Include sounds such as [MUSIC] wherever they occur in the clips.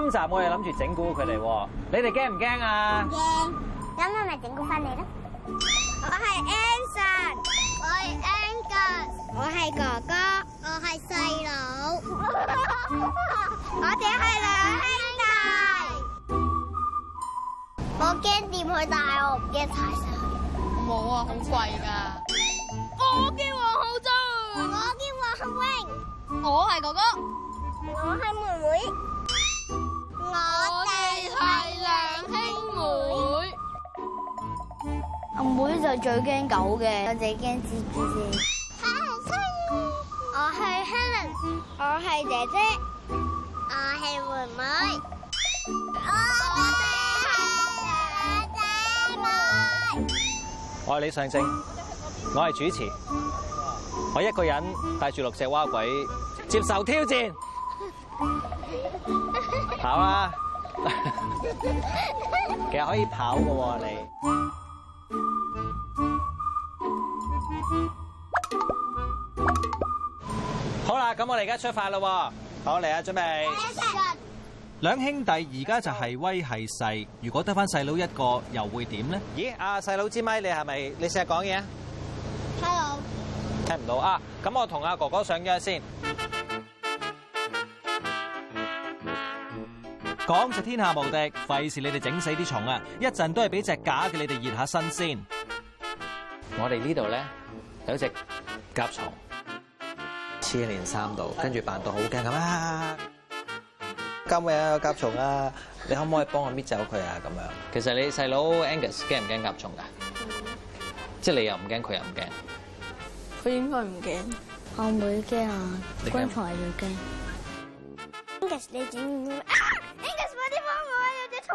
今集我哋諗住整蠱佢哋，你哋驚唔驚啊？驚，咁我咪整蠱翻你咯。我係 Anson，我係 Angus，我係哥哥，我係細佬，我哋係兩兄弟。我驚跌去，但係我唔驚踩上去。冇啊，好貴噶。我叫黃浩俊，我叫黃浩軒。我係哥哥，我係妹妹。我哋係兩兄妹，阿妹就最驚狗嘅，我最驚蜘蛛。我係兄弟，我係兄弟，我係姐姐，我係妹妹。我哋係兩姐妹。我係李尚正，我係主持，我一個人帶住六隻蛙鬼接受挑戰。跑啊？其實可以跑噶喎，你。好啦，咁我哋而家出發啦，好，嚟啊，準備。兩兄弟而家就係威係勢，如果得翻細佬一個，又會點呢？咦、啊，阿細佬之咪，你係咪你成日講嘢？Hello！聽唔到啊！咁我同阿哥哥上咗先。講就天下無敵，費事你哋整死啲蟲啊！一陣都係俾隻假嘅你哋熱下身先。我哋呢度咧有一隻甲蟲，黐連三度，跟住扮到好驚咁啊！甲蟲啊，甲蟲啊，你可唔可以幫我搣走佢啊？咁樣，其實你細佬 Angus 驚唔驚甲蟲噶？即係你又唔驚，佢又唔驚。佢應該唔驚，我唔會驚啊！昆蟲係最驚。Angus，你整。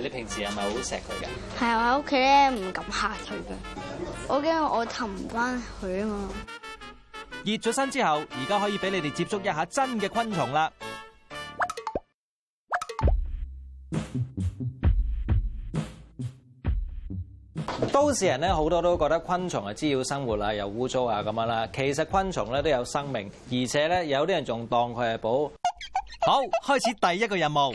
你平時係咪好錫佢㗎？係啊，我喺屋企咧唔敢嚇佢㗎，我驚我氹唔返佢啊嘛！熱咗身之後，而家可以俾你哋接觸一下真嘅昆蟲啦。都市人咧好多都覺得昆蟲係滋擾生活啊，又污糟啊咁樣啦。其實昆蟲咧都有生命，而且咧有啲人仲當佢係寶。好，開始第一個任務。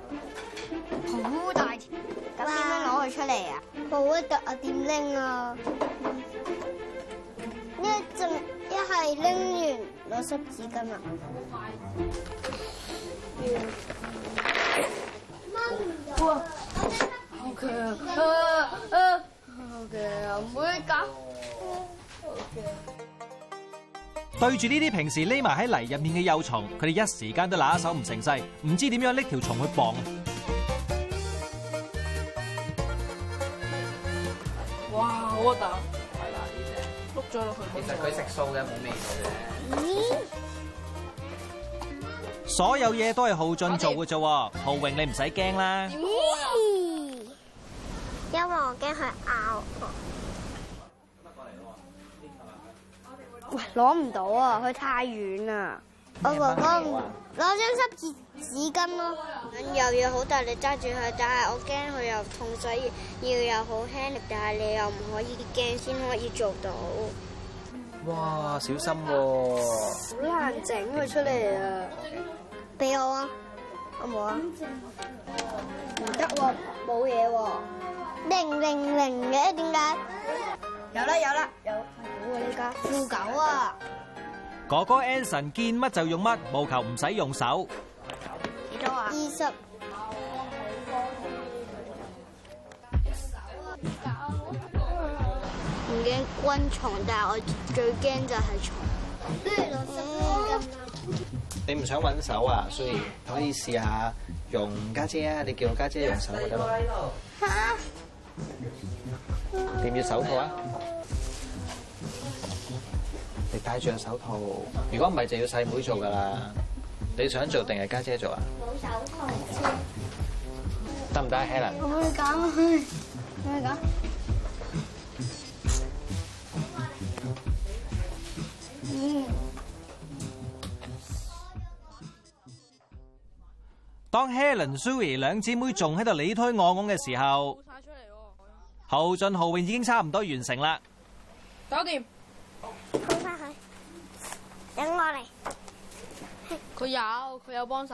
大的哇好大條，咁點樣攞佢出嚟啊？好一啊，點拎啊？一陣一係拎完攞濕紙巾啊。快好強啊！好強、啊，唔會搞。啊、對住呢啲平時匿埋喺泥入面嘅幼蟲，佢哋一時間都拿手唔成勢，唔知點樣拎條蟲去磅啊？好啊，豆。係啦，呢隻。碌咗落去。其實佢食素嘅，冇味道嘅啫。所有嘢都係浩俊做嘅啫，浩榮你唔使驚啦。咦？因為我驚佢咬。喂，攞唔到啊！佢太遠啦。我哥哥攞張濕紙紙巾咯，又要好大力揸住佢，但係我驚佢又痛，所以要又好輕力，但係你又唔可以驚先可以做到。哇，小心喎！好難整佢出嚟啊！俾我啊，好唔好啊？唔得喎，冇嘢喎，零零零嘅，點解？有啦有啦有，好啊呢家酷狗啊！哥哥 Anson 見乜就用乜，務求唔使用手。幾多啊？二十。唔驚昆蟲，但係我最驚就係蟲。嗯，你唔想揾手啊？所以可以試下用家姐啊，你叫家姐用手咪得咯。吓？要手套啊？你戴住個手套，如果唔係，就要細妹做噶啦。你想做定係家姐做啊？冇手套，得唔得，Helen？我唔敢，我唔敢。嗯。當 Helen、Sue 兩姊妹仲喺度你推我拱嘅時候，好曬出嚟。後進豪榮已經差唔多完成啦。搞掂。等我嚟，佢有佢有幫手，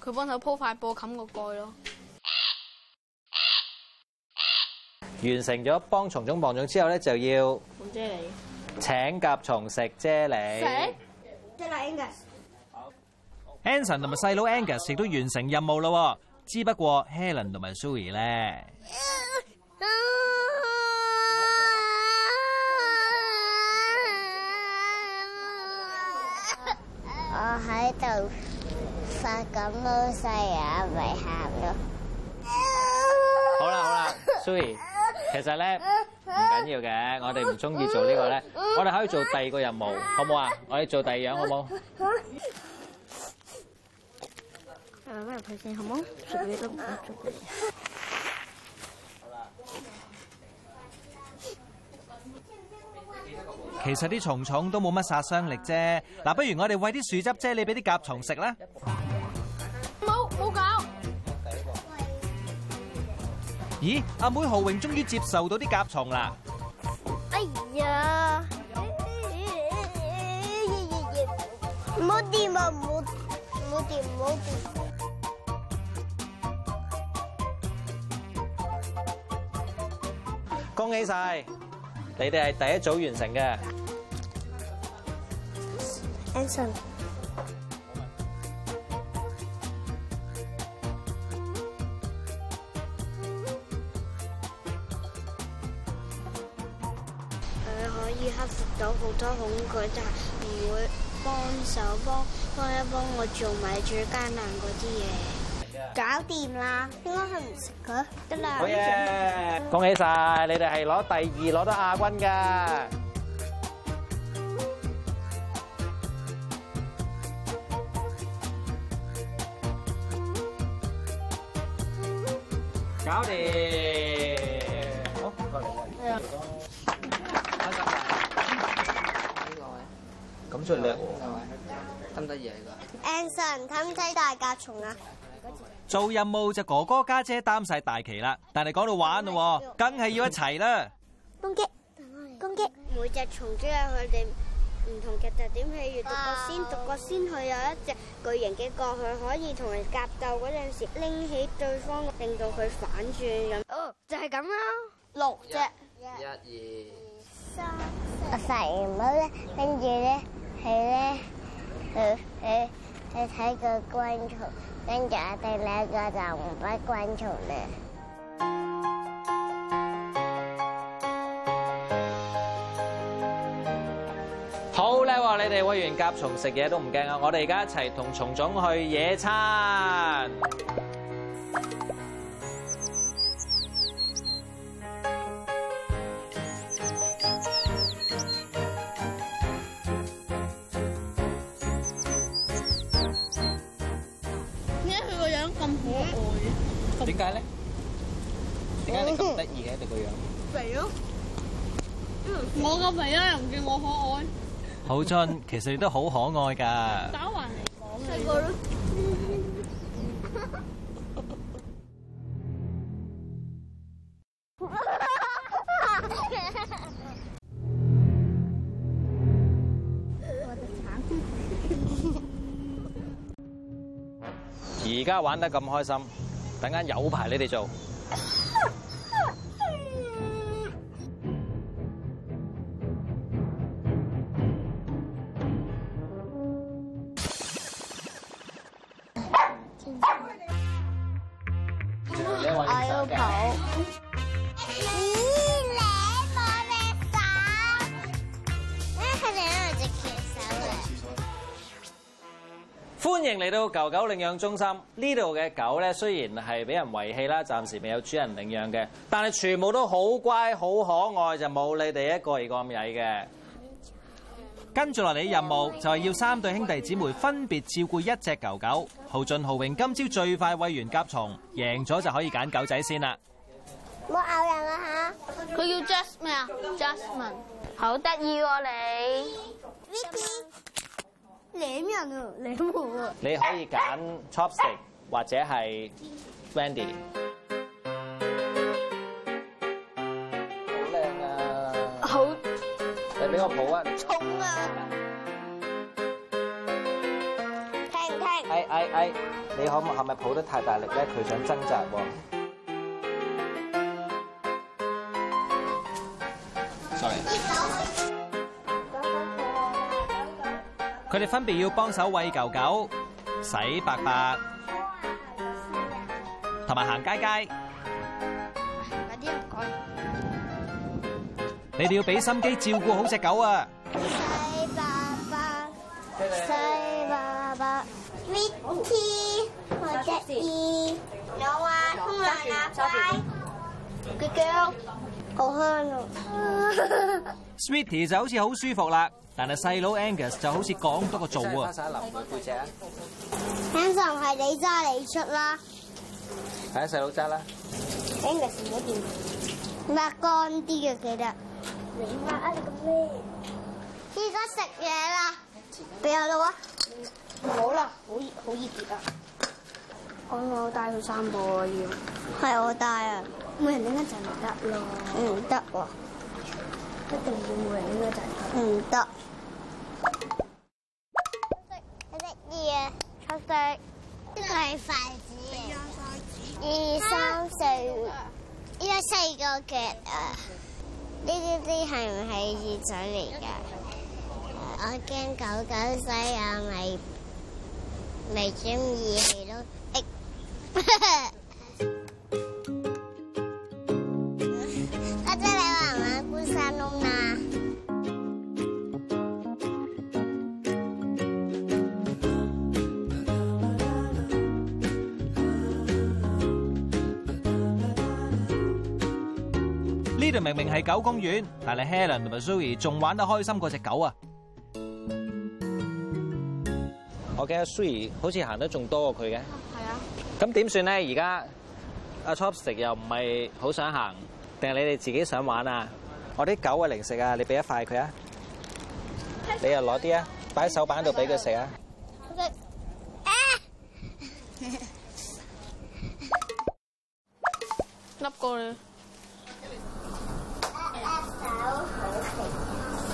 佢幫手鋪塊布冚個蓋咯。蓋蓋完成咗幫蟲種磅重之後咧，就要。好犀利。請甲蟲食啫喱。食。Anson 同埋細佬 Angus 亦都完成任務啦，只不過 Helen 同埋 Suri 咧。我喺度發咁老細啊，咪喊咯！好啦好啦，Sue，其實咧唔緊要嘅，我哋唔中意做呢個咧，我哋可以做第二個任務，好唔好啊？我哋做第二樣好唔好？我哋開心好唔好？Sue 都唔開心。其實啲蟲蟲都冇乜殺傷力啫，嗱，不如我哋餵啲樹汁啫喱俾啲甲蟲食啦。冇冇搞？咦，阿妹浩榮終於接受到啲甲蟲啦。哎呀！唔好掂啊！唔好掂唔好掂。恭喜晒！你哋係第一組完成嘅。Anson。佢可以克服到好多恐懼，但係唔會幫手幫幫一幫我做埋最艱難嗰啲嘢。搞掂啦，應該係唔食佢得啦。好嘅，恭喜曬！你哋係攞第二，攞到亞軍㗎。搞掂，好，得嚟啦。咁出叻喎，得唔得意㗎？Anson，得唔得大甲蟲啊？做任務就哥哥家姐擔晒大旗啦，但係講到玩咯，梗係要，要一齊啦。攻擊，攻擊！每隻蟲子啊，佢哋唔同嘅特點，譬如獨角仙，oh. 獨角仙，佢有一隻巨型嘅角，可以同人格鬥嗰陣時，拎起對方，令到佢反轉咁。哦、oh，就係咁啦，六隻，一二三，我食完咧，跟住咧，係咧，佢佢佢睇個昆蟲。跟住我哋兩個就唔怕昆蟲啦。好咧，你哋餵完甲蟲食嘢都唔驚啊！我哋而家一齊同蟲總去野餐。點解咧？點解你咁得意嘅？你個樣肥咯！我個肥啊，又唔見我可愛。好俊，其實你都好可愛㗎。打橫嚟講啊！而家玩得咁開心。等間有排你哋做。嚟到狗狗領養中心，呢度嘅狗咧雖然係俾人遺棄啦，暫時未有主人領養嘅，但係全部都好乖好可愛，就冇你哋一個而咁曳嘅。跟住落嚟嘅任務就係要三對兄弟姊妹分別照顧一隻狗狗。浩俊、浩榮，今朝最快餵完甲蟲，贏咗就可以揀狗仔先啦。冇咬人啦嚇，佢叫 j a s t 咩麼 Jasmine 啊 j u s m i n e 好得意喎你。兩人啊，兩門啊！你可以揀 Chopstick 或者係 Wendy。好靚啊！好，你俾我抱啊！重啊！停停！哎哎哎，你可可唔係抱得太大力咧？佢想掙扎喎。佢哋分別要幫手餵狗狗、洗白白、同埋行街街。你哋要俾心機照顧好隻狗啊！洗白白，洗白白。Sweetie，我著衣，我話沖涼阿爸，佢叫，好香啊！Sweetie 就好似好舒服啦。但係細佬 Angus 就好似講多過做啊！伸手係你揸你出啦，係啊細佬揸啦。Angus 唔一定，要干啲嘅記得。你媽啊咁咩？依家食嘢啦，俾阿老啊，唔好啦，好熱好熱熱啊！我我帶佢散步啊要，係我帶啊，冇人應該就唔得咯，唔得喎，一定要冇人應該就唔得，唔得。對，呢個係筷子。二三四，依家四個腳啊！呢一啲係唔係熱水嚟噶？我驚狗狗仔啊，咪咪中意佢咯。 [LAUGHS] 明係狗公園，但係 Helen 同埋 Suri 仲玩得開心過隻狗啊！我記阿 Suri 好似行得仲多過佢嘅，咁點算咧？而家阿 Topsy 又唔係好想行，定係你哋自己想玩啊？我啲狗嘅零食啊，你俾一塊佢啊！你又攞啲啊，擺喺手板度俾佢食啊！好食啊！叻哥。.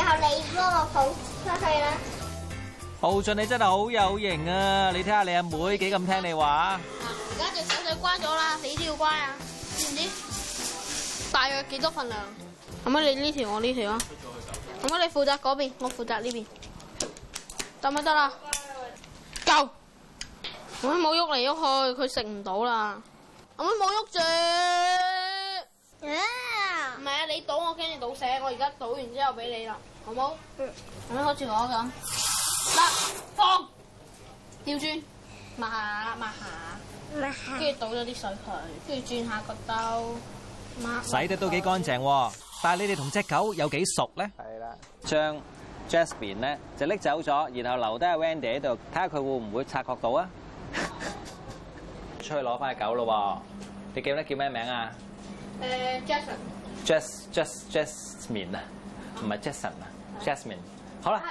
以後你幫我抱出去啦。豪俊，你真係好有型啊！你睇下你阿妹幾咁聽你話。而家隻手仔乖咗啦，你都要乖啊，知唔知？大約幾多份量？咁你呢條，我呢條啊。咁你負責嗰邊，我負責呢邊。得咪得啦？夠。我冇喐嚟喐去，佢食唔到啦。阿媽冇喐住。唔係啊！你倒我驚你倒死，我而家倒完之後俾你啦，好冇？嗯我。咁樣好似我咁，得放吊轉抹下抹下，抹跟住倒咗啲水佢，跟住轉下個兜抹。抹抹抹抹抹洗得都幾乾淨，但係你哋同隻狗有幾熟咧？係啦了。將 Jasmine 咧就拎走咗，然後留低阿 Wendy 喺度，睇下佢會唔會察覺到啊？ [LAUGHS] 出去攞翻隻狗咯。你記得叫咩名啊？誒、呃、，Jason。Jas，Jas，Jasmine 啊，唔係 Jason 啊，Jasmine。好啦，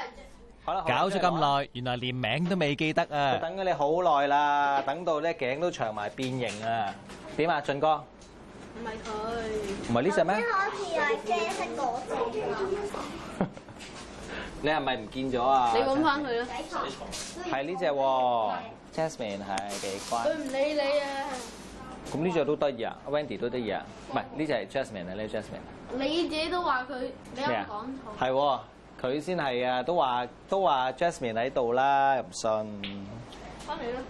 好啦，搞咗咁耐，原來連名都未記得啊！等咗你好耐啦，等到咧頸都長埋變形啊！點啊，俊哥？唔係佢。唔係呢隻咩？我啲海綿雞喺嗰度啊！你係咪唔見咗啊？你揾翻佢咯。係呢隻喎，Jasmine，係幾乖。佢唔理你啊！咁呢隻都得意啊，Wendy 都得意啊，唔係呢隻係 Jasmine 啊，呢隻 Jasmine。你自己都話佢，你有講錯。係喎，佢先係啊，都話都話 Jasmine 喺度啦，又唔信。翻嚟啦！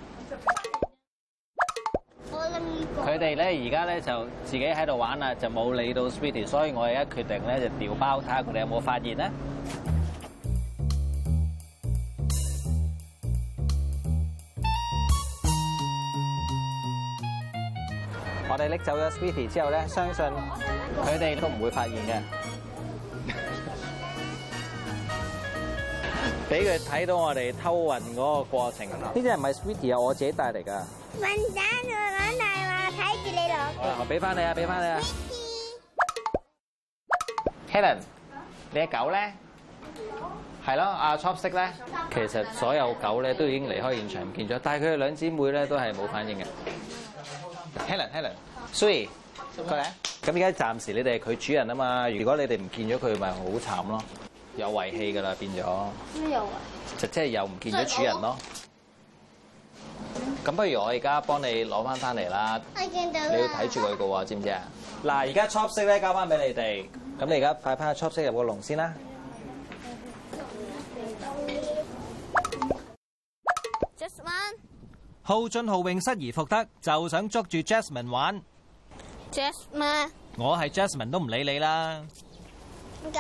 我諗呢，佢哋咧而家咧就自己喺度玩啦，就冇理到 Speedy，所以我而家決定咧就調包，睇下佢哋有冇發現咧。我哋拎走咗 Sweetie 之後咧，相信佢哋都唔會發現嘅。俾佢睇到我哋偷運嗰個過程。呢啲係唔係 Sweetie 啊？我自己帶嚟㗎。雲仔，你講大話，睇住你囉。我俾翻你啊！俾翻你啊！Helen，你隻狗咧？係咯，阿 Chops 咧，其實所有狗咧都已經離開現場唔見咗，但係佢哋兩姊妹咧都係冇反應嘅。Helen，Helen，Sue，過嚟啊！咁而家暫時你哋係佢主人啊嘛，如果你哋唔見咗佢，咪好慘咯，了有遺棄噶啦，變咗。咩又遺？就即係又唔見咗主人咯。咁不如我而家幫你攞翻翻嚟啦。我見到你要睇住佢噶喎，知唔知啊？嗱、嗯，而家 Chopstick 咧，交翻俾你哋。咁你而家快快 Chopstick 入個籠先啦。Just one. 好盡好勇失而復得，就想捉住 Jasmine 玩。Jasmine，我係 Jasmine 都唔理你啦。狗狗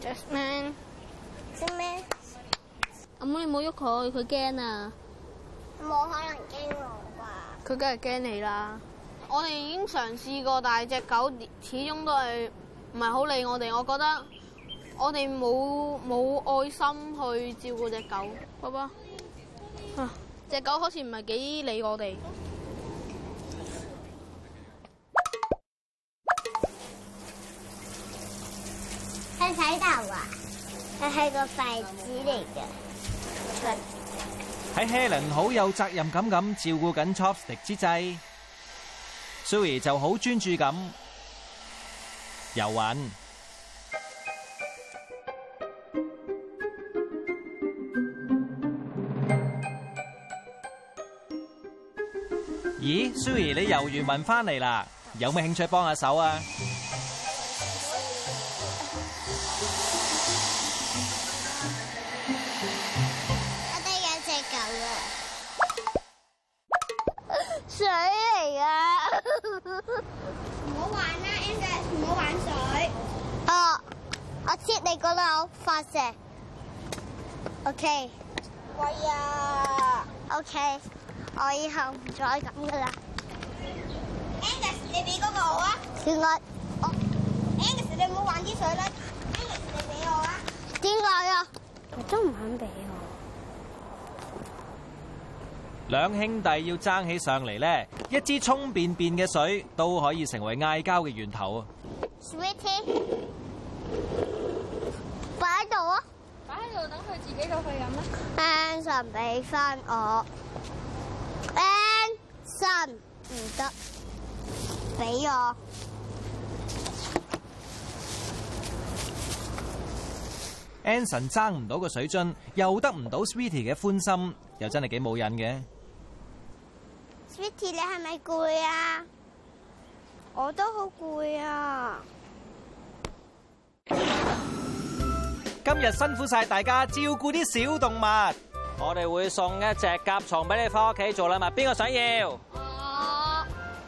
，Jasmine，Jasmine，阿妹你唔好喐佢，佢驚啊！冇可能驚我啩？佢梗係驚你啦！我哋已經嘗試過，但係隻狗始終都係唔係好理我哋。我覺得我哋冇冇愛心去照顧隻狗，爸爸。隻狗好似唔係幾理我哋。去洗頭啊！佢係個筷子嚟嘅。喺 Helen 好有責任感咁照顧緊 Chopstick 之際，Sue 就好專注咁遊玩。Suri，你游完問翻嚟啦，有咩興趣幫下手啊？我得一隻狗啊！水嚟㗎，唔好玩啦，應該，唔好玩水。哦，我切你個腦發射。OK。威啊！OK，我以後唔再咁㗎啦。Oh. Anson, 點解啊你唔好玩啲水啦，你俾我啊！點解啊？我都唔肯俾我。兩兄弟要爭起上嚟咧，一支沖便便嘅水都可以成為嗌交嘅源頭啊！Sweetie，擺喺度啊！擺喺度等佢自己過去飲啦。Anson 俾翻我。Anson 唔得，俾我。Anson 爭唔到個水樽，又得唔到 Sweetie 嘅歡心，又真係幾冇癮嘅。Sweetie，你係咪攰啊？我都好攰啊！今日辛苦晒大家照顧啲小動物，我哋會送一隻甲蟲俾你翻屋企做禮物，邊個想要？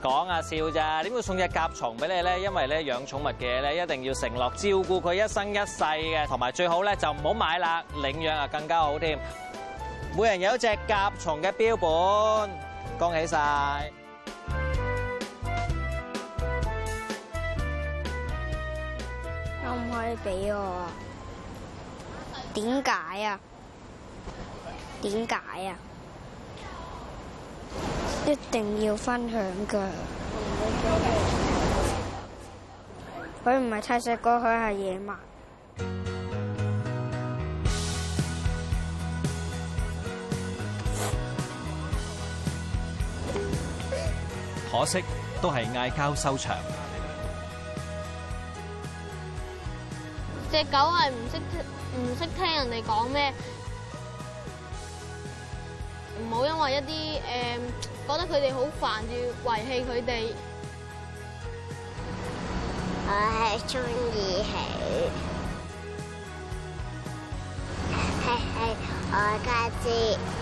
講啊，笑咋？點會送隻甲蟲俾你咧？因為咧養寵物嘅嘢咧，一定要承諾照顧佢一生一世嘅，同埋最好咧就唔好買啦，領養啊更加好添。每人有一隻甲蟲嘅標本，恭喜晒！可唔可以俾我啊？點解啊？點解啊？一定要分享噶，佢唔係太細個，佢係野蠻。可惜都係嗌交收場。隻狗係唔識唔識聽人哋講咩，唔好因為一啲誒。覺得佢哋好煩，要遺棄佢哋。我係鍾意佢，嘿嘿，我家姐。